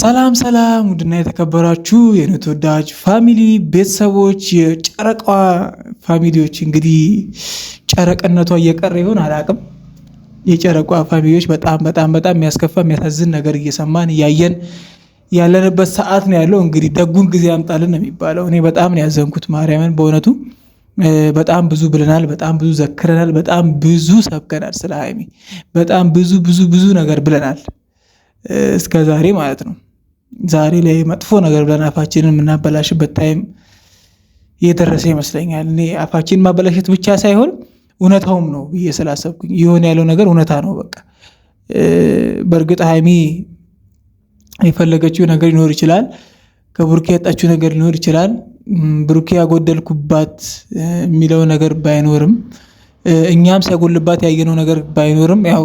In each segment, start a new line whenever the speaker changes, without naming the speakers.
ሰላም ሰላም ውድና የተከበራችሁ የኔ ተወዳጅ ፋሚሊ ቤተሰቦች የጨረቃ ፋሚሊዎች እንግዲህ ጨረቅነቷ እየቀረ ይሆን አላቅም። የጨረቋ ፋሚሊዎች በጣም በጣም በጣም የሚያስከፋ የሚያሳዝን ነገር እየሰማን እያየን ያለንበት ሰዓት ነው ያለው። እንግዲህ ደጉን ጊዜ ያምጣልን ነው የሚባለው። እኔ በጣም ነው ያዘንኩት ማርያምን በእውነቱ በጣም ብዙ ብለናል። በጣም ብዙ ዘክረናል። በጣም ብዙ ሰብከናል ስለ ሀይሚ በጣም ብዙ ብዙ ብዙ ነገር ብለናል እስከ ዛሬ ማለት ነው። ዛሬ ላይ መጥፎ ነገር ብለን አፋችንን የምናበላሽበት ታይም የደረሰ ይመስለኛል። እኔ አፋችንን ማበላሸት ብቻ ሳይሆን እውነታውም ነው ብዬ ስላሰብኩኝ ይሆን ያለው ነገር እውነታ ነው። በቃ በእርግጥ ሀይሚ የፈለገችው ነገር ሊኖር ይችላል። ከብሩኬ ያጣችው ነገር ሊኖር ይችላል። ብሩኬ ያጎደልኩባት የሚለው ነገር ባይኖርም እኛም ሲያጎልባት ያየነው ነገር ባይኖርም ያው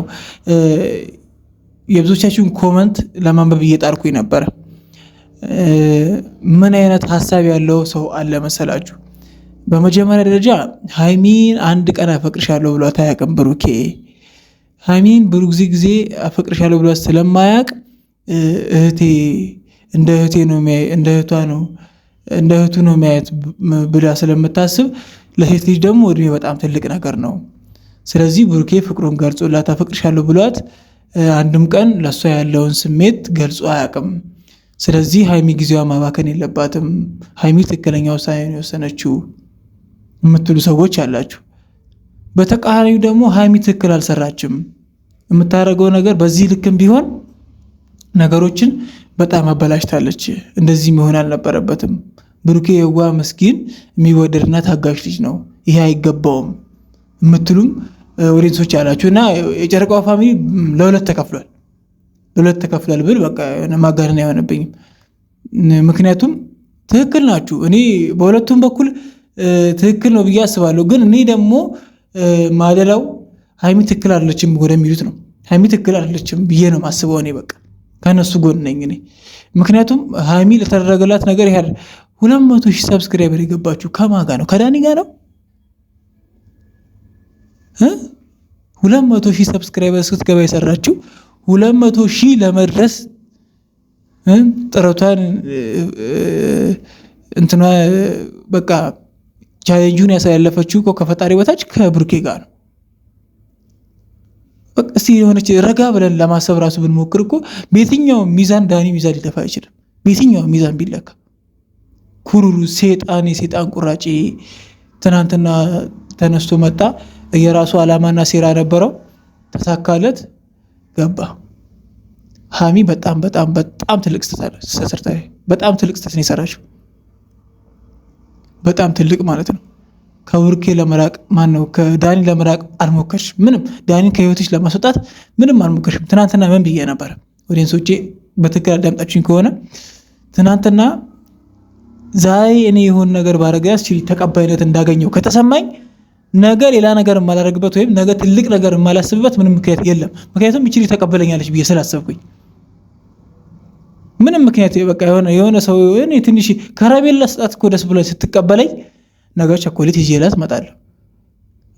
የብዙዎቻችሁን ኮመንት ለማንበብ እየጣርኩኝ ነበረ። ምን አይነት ሀሳብ ያለው ሰው አለ መሰላችሁ? በመጀመሪያ ደረጃ ሀይሚን አንድ ቀን አፈቅርሻለሁ ብሏት አያውቅም ብሩኬ። ሀይሚን ብዙ ጊዜ አፈቅርሻለሁ ብሏት ስለማያውቅ እህቴ እንደ እህቴ ነው እንደ እህቷ ነው እንደ እህቱ ነው የሚያየት ብላ ስለምታስብ ለሴት ልጅ ደግሞ እድሜ በጣም ትልቅ ነገር ነው። ስለዚህ ብሩኬ ፍቅሩን ገልጾላት አፈቅርሻለሁ ብሏት አንድም ቀን ለእሷ ያለውን ስሜት ገልጾ አያውቅም። ስለዚህ ሀይሚ ጊዜዋ ማባከን የለባትም፣ ሀይሚ ትክክለኛ ውሳኔ ነው የወሰነችው የምትሉ ሰዎች አላችሁ። በተቃራኒው ደግሞ ሀይሚ ትክክል አልሰራችም የምታደርገው ነገር በዚህ ልክም ቢሆን ነገሮችን በጣም አበላሽታለች። እንደዚህ መሆን አልነበረበትም። ብሩኬ የዋ መስኪን የሚወደድና ታጋሽ ልጅ ነው፣ ይሄ አይገባውም የምትሉም ወዴቶች አላችሁ እና የጨረቃው ፋሚሊ ለሁለት ተከፍሏል። ለሁለት ተከፍሏል ብል በቃ ማጋነን አይሆንብኝም። ምክንያቱም ትክክል ናችሁ። እኔ በሁለቱም በኩል ትክክል ነው ብዬ አስባለሁ። ግን እኔ ደግሞ ማደላው ሀይሚ ትክክል አለችም ወደሚሉት ነው። ሀይሚ ትክክል አለችም ብዬ ነው ማስበው። እኔ በቃ ከነሱ ጎን ነኝ እኔ። ምክንያቱም ሀይሚ ለተደረገላት ነገር ያህል ሁለት መቶ ሺህ ሰብስክራይበር የገባችሁ ከማጋ ነው? ከዳኒ ጋር ነው ሁለት መቶ ሺህ ሰብስክራይበር ስትገባ የሰራችው ሁለት መቶ ሺህ ለመድረስ ጥረቷን እንትና በቃ ቻሌንጁን ያሳለፈችው እኮ ከፈጣሪ በታች ከብሩኬ ጋር ነው። እስቲ የሆነች ረጋ ብለን ለማሰብ ራሱ ብንሞክር እኮ በየትኛው ሚዛን ዳኒ ሚዛን ሊደፋ አይችልም። በየትኛው ሚዛን ቢለካ ኩሩሩ ሴጣን፣ የሴጣን ቁራጭ ትናንትና ተነስቶ መጣ። የራሱ ዓላማና ሴራ ነበረው። ተሳካለት፣ ገባ። ሀሚ በጣም በጣም በጣም ትልቅ ስተሰርታ በጣም ትልቅ ስተት ነው የሰራችው። በጣም ትልቅ ማለት ነው። ከብሩኬ ለመራቅ ማን ነው ከዳኒ ለመራቅ አልሞከርሽ፣ ምንም ዳኒ ከህይወትሽ ለማስወጣት ምንም አልሞከርሽም። ትናንትና ምን ብዬ ነበረ? ኦዲየንሶቼ በትክክል አዳምጣችኝ ከሆነ ትናንትና ዛሬ እኔ የሆን ነገር ባረገ ተቀባይነት እንዳገኘው ከተሰማኝ ነገ ሌላ ነገር የማላደርግበት ወይም ነገ ትልቅ ነገር የማላስብበት ምንም ምክንያት የለም። ምክንያቱም ይችል ተቀበለኛለች ብዬ ስላሰብኩኝ ምንም ምክንያት በቃ የሆነ የሆነ ሰው ወይ ትንሽ ከረሜላ ስጣት እኮ ደስ ብሎኝ ስትቀበለኝ ነገ ቸኮሌት ይዤ እላት እመጣለሁ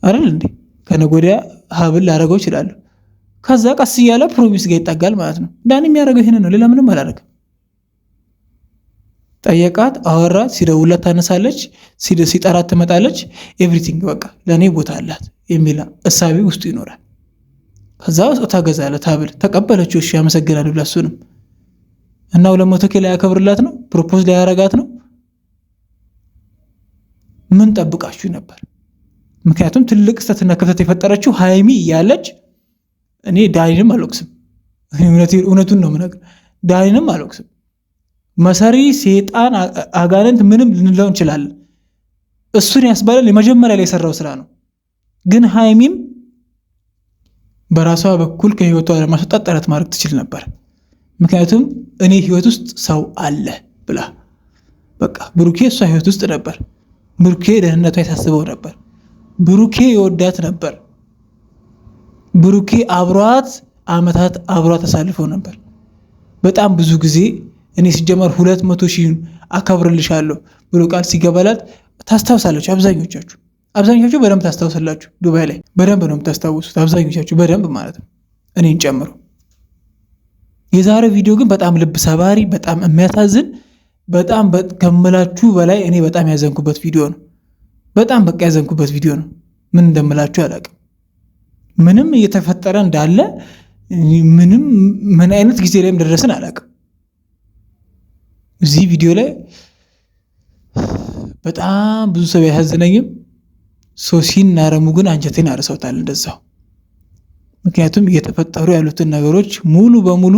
አይደል እንዴ? ከነገ ወዲያ ሀብል ላደርገው እችላለሁ። ከዛ ቀስ እያለ ፕሮሚስ ጋር ይጠጋል ማለት ነው። ዳኒ የሚያደርገው ይህንን ነው። ሌላ ምንም አላደርግም። ጠየቃት፣ አወራት። ሲደውላት ታነሳለች፣ ሲጠራት ትመጣለች። ኤቭሪቲንግ በቃ ለእኔ ቦታ አላት የሚል እሳቤ ውስጡ ይኖራል። ከዛ ስጦታ ገዛለት ሀብል ተቀበለችው። እሺ ያመሰግናል ብላ እሱንም እና ሁለት መቶ ኬ ላይ ያከብርላት ነው ፕሮፖዝ ሊያረጋት ነው። ምን ጠብቃችሁ ነበር? ምክንያቱም ትልቅ ስህተትና ክፍተት የፈጠረችው ሀይሚ እያለች እኔ ዳኒንም አልወቅስም። እውነቱን ነው ምነግር ዳኒንም አልወቅስም። መሰሪ ሴጣን አጋንንት ምንም ልንለው እንችላለን። እሱን ያስባላል የመጀመሪያ ላይ የሰራው ስራ ነው። ግን ሀይሚም በራሷ በኩል ከህይወቷ ለማስወጣት ጥረት ማድረግ ትችል ነበር። ምክንያቱም እኔ ህይወት ውስጥ ሰው አለ ብላ በቃ ብሩኬ እሷ ህይወት ውስጥ ነበር። ብሩኬ ደህንነቷ የታስበው ነበር። ብሩኬ የወዳት ነበር። ብሩኬ አብሯት አመታት አብሯት አሳልፈው ነበር። በጣም ብዙ ጊዜ እኔ ሲጀመር ሁለት መቶ ሺህን አከብርልሻለሁ ብሎ ቃል ሲገባላት ታስታውሳለች። አብዛኞቻችሁ አብዛኞቻችሁ በደንብ ታስታውሳላችሁ። ዱባይ ላይ በደንብ ነው የምታስታውሱት፣ አብዛኞቻችሁ በደንብ ማለት ነው እኔን ጨምሮ። የዛሬ ቪዲዮ ግን በጣም ልብ ሰባሪ፣ በጣም የሚያሳዝን፣ በጣም ከምላችሁ በላይ እኔ በጣም ያዘንኩበት ቪዲዮ ነው። በጣም በቃ ያዘንኩበት ቪዲዮ ነው። ምን እንደምላችሁ አላውቅም። ምንም እየተፈጠረ እንዳለ ምንም ምን አይነት ጊዜ ላይ ደረስን አላውቅም። እዚህ ቪዲዮ ላይ በጣም ብዙ ሰው ያሳዝነኝም ሶሲን ናረሙ ግን አንጀቴን አርሰውታል እንደዛው። ምክንያቱም እየተፈጠሩ ያሉትን ነገሮች ሙሉ በሙሉ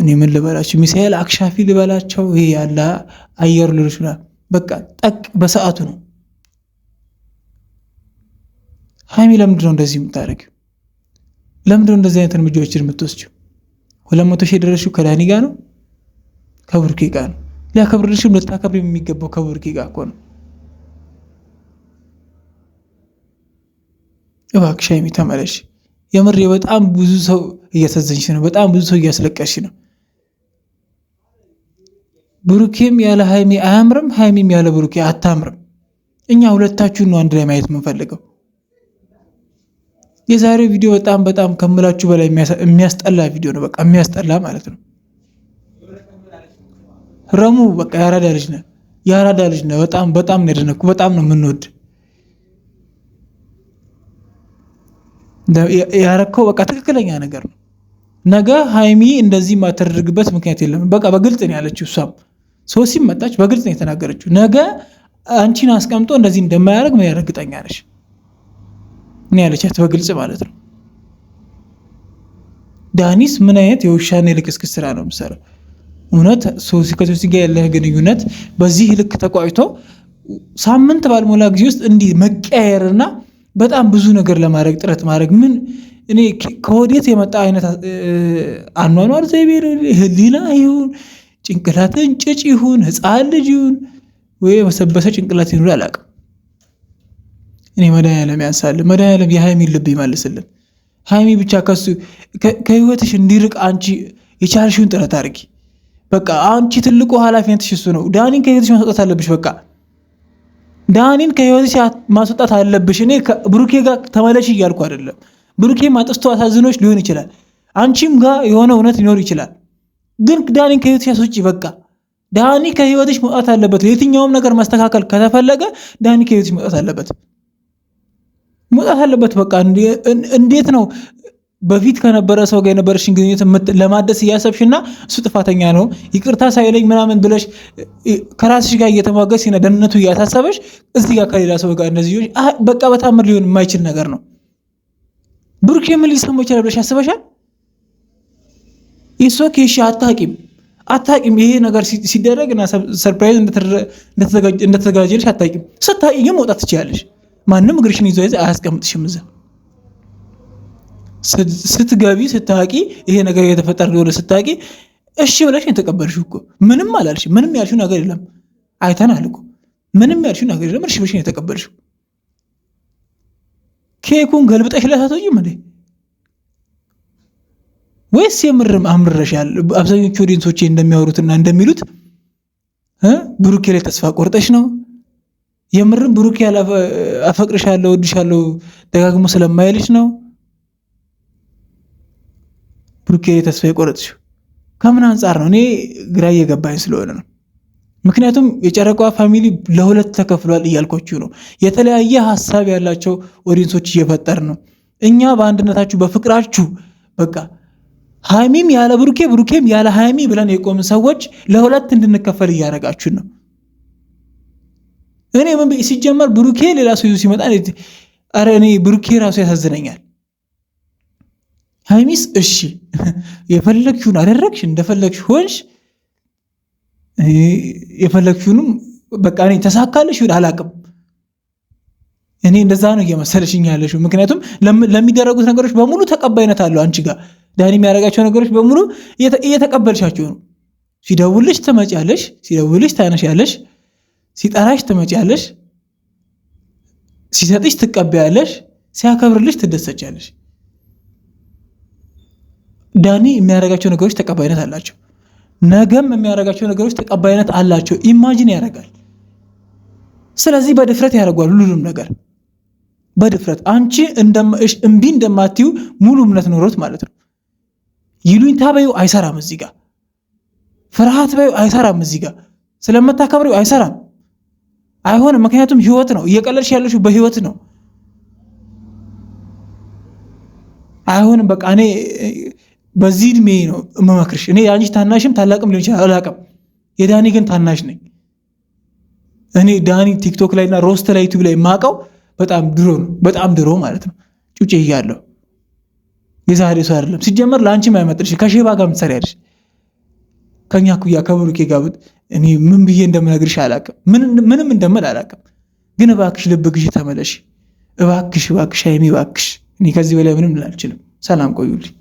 እኔ ምን ልበላቸው፣ ሚሳኤል አክሻፊ ልበላቸው፣ ይሄ ያለ አየሩ ልሎች በቃ ጠቅ በሰዓቱ ነው። ሀይሚ ለምንድን ነው እንደዚህ የምታደርጊው? ለምንድን ነው እንደዚህ አይነት እርምጃዎችን የምትወስጂው? ሁለት መቶ ሺህ የደረስሽው ከዳኒ ጋር ነው። ከብሩኬ ጋር ነው። ሊያከብርልሽም ልታከብር የሚገባው ከብሩኬ ጋር እኮ ነው። እባክሽ ሀይሚ ተመለሽ። የምሬ በጣም ብዙ ሰው እያሳዘንሽ ነው። በጣም ብዙ ሰው እያስለቀሽ ነው። ብሩኬም ያለ ሀይሚ አያምርም፣ ሀይሚም ያለ ብሩኬ አታምርም። እኛ ሁለታችሁን ነው አንድ ላይ ማየት የምንፈልገው። የዛሬው ቪዲዮ በጣም በጣም ከምላችሁ በላይ የሚያስጠላ ቪዲዮ ነው። በቃ የሚያስጠላ ማለት ነው። ረሙ በቃ የአራዳ ልጅ ነህ፣ የአራዳ ልጅ ነህ። በጣም በጣም ነው ያደነኩ። በጣም ነው የምንወድ ያረከው በቃ ትክክለኛ ነገር ነው። ነገ ሀይሚ እንደዚህ የማትደርግበት ምክንያት የለም። በቃ በግልጽ ነው ያለችው። እሷም ሶሲ መጣች፣ በግልጽ ነው የተናገረችው። ነገ አንቺን አስቀምጦ እንደዚህ እንደማያደርግ ምን እርግጠኛ ነሽ? እኔ ያለቻት በግልጽ ማለት ነው። ዳኒስ ምን አይነት የውሻኔ ልክስክስ ስራ ነው የምሰራው? እውነት ሶሲ ከሶሲ ጋር ያለህ ግንኙነት በዚህ ልክ ተቋጭቶ ሳምንት ባልሞላ ጊዜ ውስጥ እንዲህ መቀያየርና በጣም ብዙ ነገር ለማድረግ ጥረት ማድረግ ምን እኔ ከወዴት የመጣ አይነት አኗኗር ዘይቤ ህሊና ይሁን ጭንቅላትን ጭጭ ይሁን ህፃን ልጅ ይሁን ወይ የመሰበሰ ጭንቅላት ይኑር አላውቅም። እኔ መድኃኒዓለም ያንሳልን፣ መድኃኒዓለም የሀይሚን ልብ ይመልስልን። ሀይሚ ብቻ ከሱ ከህይወትሽ እንዲርቅ አንቺ የቻልሽውን ጥረት አድርጊ። በቃ አንቺ ትልቁ ኃላፊነትሽ እሱ ነው። ዳኒን ከህይወትሽ ማስወጣት አለብሽ። በቃ ዳኒን ከህይወትሽ ማስወጣት አለብሽ። እኔ ብሩኬ ጋር ተመለሽ እያልኩ አይደለም። ብሩኬ ማጥስቶ አሳዝኖች ሊሆን ይችላል። አንቺም ጋር የሆነ እውነት ሊኖር ይችላል። ግን ዳኒን ከህይወትሽ አስወጪ። በቃ ዳኒ ከህይወትሽ መውጣት አለበት። የትኛውም ነገር ማስተካከል ከተፈለገ ዳኒ ከህይወትሽ መውጣት አለበት መውጣት አለበት። በቃ እንዴት ነው በፊት ከነበረ ሰው ጋር የነበረሽን ግንኙነት ለማደስ እያሰብሽ እያሰብሽና እሱ ጥፋተኛ ነው ይቅርታ ሳይለኝ ምናምን ብለሽ ከራስሽ ጋር እየተሟገስ ና ደህንነቱ እያሳሰበሽ እዚህ ጋር ከሌላ ሰው ጋር እነዚህ በቃ በታምር ሊሆን የማይችል ነገር ነው። ብሩኬ ምን ሊሰማው ይችላል ብለሽ ያስበሻል? ይሶ ኬሽ አታቂም አታቂም ይሄ ነገር ሲደረግ እና ሰርፕራይዝ እንደተዘጋጀልሽ አታቂም። ስታቂ ግን መውጣት ትችያለሽ። ማንም እግርሽን ይዞ አያስቀምጥሽም እዛ ስትገቢ ስታቂ ይሄ ነገር የተፈጠረ እንደሆነ ስታቂ እሺ ብለሽ የተቀበልሽ እኮ ምንም አላልሽ። ምንም ያልሽው ነገር የለም። አይተናል እኮ ምንም ያልሽው ነገር የለም። እሺ ብለሽ የተቀበልሽ ኬኩን ገልብጠሽ ላሳቶኝም እንዴ ወይስ የምርም አምርረሻል? አብዛኞቹ ኦዲየንሶቼ እንደሚያወሩትና እንደሚሉት ብሩኬ ላይ ተስፋ ቆርጠሽ ነው። የምርም ብሩኬ አፈቅርሻለሁ፣ እወድሻለሁ ደጋግሞ ስለማይልሽ ነው። ብሩኬ ተስፋ የቆረጥሽው ከምን አንጻር ነው? እኔ ግራ እየገባኝ ስለሆነ ነው። ምክንያቱም የጨረቃዋ ፋሚሊ ለሁለት ተከፍሏል እያልኮችሁ ነው። የተለያየ ሀሳብ ያላቸው ኦዲንሶች እየፈጠር ነው። እኛ በአንድነታችሁ በፍቅራችሁ በቃ ሀይሚም ያለ ብሩኬ ብሩኬም ያለ ሀይሚ ብለን የቆምን ሰዎች ለሁለት እንድንከፈል እያደረጋችሁ ነው። እኔ ምን ሲጀመር ብሩኬ ሌላ ሰው ሲመጣ፣ እኔ ብሩኬ ራሱ ያሳዝነኛል። ሀይሚስ እሺ የፈለግሽውን አደረግሽ፣ እንደፈለግሽ ሆንሽ፣ የፈለግሽውንም በቃ እኔ ተሳካልሽ ይሁን አላቅም። እኔ እንደዛ ነው እየመሰለሽኝ ያለሽ። ምክንያቱም ለሚደረጉት ነገሮች በሙሉ ተቀባይነት አለው። አንቺ ጋር ዳኒ የሚያደርጋቸው ነገሮች በሙሉ እየተቀበልሻቸው ነው። ሲደውልሽ ትመጪያለሽ፣ ሲደውልሽ ታነሻለሽ፣ ሲጠራሽ ትመጪያለሽ፣ ሲሰጥሽ ትቀበያለሽ፣ ሲያከብርልሽ ትደሰቻለሽ። ዳኒ የሚያደርጋቸው ነገሮች ተቀባይነት አላቸው። ነገም የሚያደርጋቸው ነገሮች ተቀባይነት አላቸው። ኢማጂን ያደርጋል። ስለዚህ በድፍረት ያደርጓል። ሁሉንም ነገር በድፍረት አንቺ እምቢ እንደማትዩ ሙሉ እምነት ኖሮት ማለት ነው። ይሉኝታ በዩ አይሰራም። እዚህ ጋ ፍርሃት በዩ አይሰራም። እዚህ ጋ ስለምታከብሪው አይሰራም። አይሆንም። ምክንያቱም ህይወት ነው እየቀለልሽ ያለሽ በህይወት ነው። አይሆንም። በቃ እኔ በዚህ እድሜ ነው እመመክርሽ። እኔ የአንቺ ታናሽም ታላቅም ሊሆን ይችላል አላቅም። የዳኒ ግን ታናሽ ነኝ እኔ። ዳኒ ቲክቶክ ላይና ሮስት ላይ ዩቲዩብ ላይ የማውቀው በጣም ድሮ ነው፣ በጣም ድሮ ማለት ነው። ጩጭ እያለሁ የዛሬ ሰው አይደለም። ሲጀመር ለአንቺም አይመጥልሽ። ከሼባ ጋር ምትሰሪያለሽ ከኛ ኩያ ከብሩኬ ጋር እኔ ምን ብዬ እንደምነግርሽ አላቅም፣ ምንም እንደምል አላቅም። ግን እባክሽ ልብግሽ ተመለሽ፣ እባክሽ፣ እባክሽ፣ አይሚ እባክሽ። እኔ ከዚህ በላይ ምንም ላልችልም። ሰላም ቆዩልኝ።